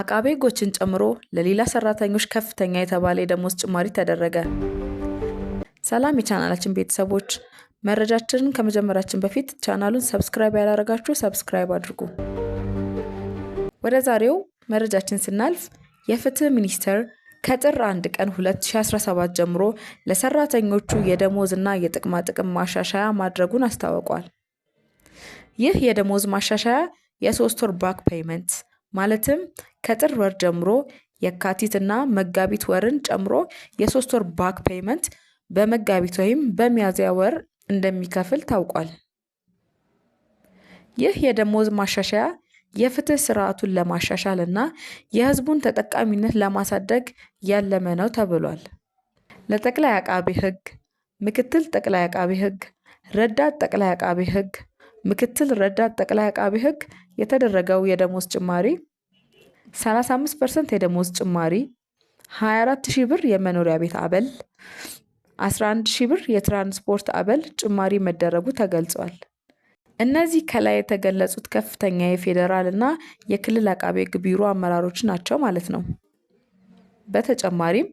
አቃቤ ሕጎችን ጨምሮ ለሌላ ሰራተኞች ከፍተኛ የተባለ የደሞዝ ጭማሪ ተደረገ። ሰላም የቻናላችን ቤተሰቦች፣ መረጃችንን ከመጀመራችን በፊት ቻናሉን ሰብስክራይብ ያላረጋችሁ ሰብስክራይብ አድርጉ። ወደ ዛሬው መረጃችን ስናልፍ የፍትህ ሚኒስቴር ከጥር 1 ቀን 2017 ጀምሮ ለሰራተኞቹ የደሞዝ እና የጥቅማ ጥቅም ማሻሻያ ማድረጉን አስታውቋል። ይህ የደሞዝ ማሻሻያ የሶስት ወር ባክ ፔይመንት ማለትም ከጥር ወር ጀምሮ የካቲትና መጋቢት ወርን ጨምሮ የሶስት ወር ባክ ፔይመንት በመጋቢት ወይም በሚያዝያ ወር እንደሚከፍል ታውቋል። ይህ የደሞዝ ማሻሻያ የፍትህ ስርዓቱን ለማሻሻል እና የህዝቡን ተጠቃሚነት ለማሳደግ ያለመ ነው ተብሏል። ለጠቅላይ አቃቤ ህግ፣ ምክትል ጠቅላይ አቃቤ ህግ፣ ረዳት ጠቅላይ አቃቤ ህግ፣ ምክትል ረዳት ጠቅላይ አቃቢ ሕግ የተደረገው የደሞዝ ጭማሪ 35 ፐርሰንት የደሞዝ ጭማሪ፣ 24 ሺህ ብር የመኖሪያ ቤት አበል፣ 11 ሺህ ብር የትራንስፖርት አበል ጭማሪ መደረጉ ተገልጿል። እነዚህ ከላይ የተገለጹት ከፍተኛ የፌዴራል እና የክልል አቃቤ ህግ ቢሮ አመራሮች ናቸው ማለት ነው። በተጨማሪም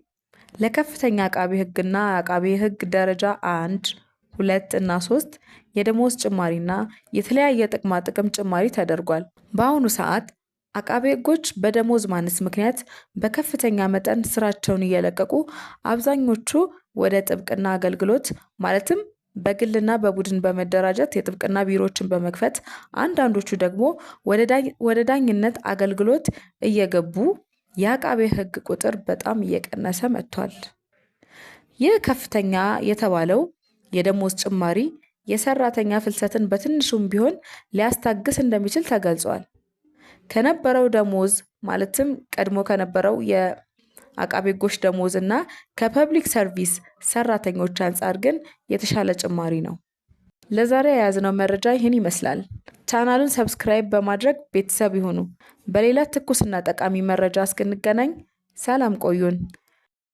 ለከፍተኛ አቃቤ ህግና አቃቤ ህግ ደረጃ አንድ ሁለት እና ሶስት የደሞዝ ጭማሪና የተለያየ ጥቅማ ጥቅም ጭማሪ ተደርጓል። በአሁኑ ሰዓት አቃቤ ሕጎች በደሞዝ ማነስ ምክንያት በከፍተኛ መጠን ስራቸውን እየለቀቁ አብዛኞቹ ወደ ጥብቅና አገልግሎት ማለትም በግልና በቡድን በመደራጀት የጥብቅና ቢሮዎችን በመክፈት አንዳንዶቹ ደግሞ ወደ ዳኝነት አገልግሎት እየገቡ የአቃቤ ሕግ ቁጥር በጣም እየቀነሰ መጥቷል። ይህ ከፍተኛ የተባለው የደሞዝ ጭማሪ የሰራተኛ ፍልሰትን በትንሹም ቢሆን ሊያስታግስ እንደሚችል ተገልጿል። ከነበረው ደሞዝ ማለትም ቀድሞ ከነበረው የአቃቤ ጎሽ ደሞዝ እና ከፐብሊክ ሰርቪስ ሰራተኞች አንጻር ግን የተሻለ ጭማሪ ነው። ለዛሬ የያዝነው መረጃ ይህን ይመስላል። ቻናሉን ሰብስክራይብ በማድረግ ቤተሰብ ይሁኑ። በሌላ ትኩስና ጠቃሚ መረጃ እስክንገናኝ ሰላም ቆዩን።